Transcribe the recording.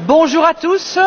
Bonjour à tous.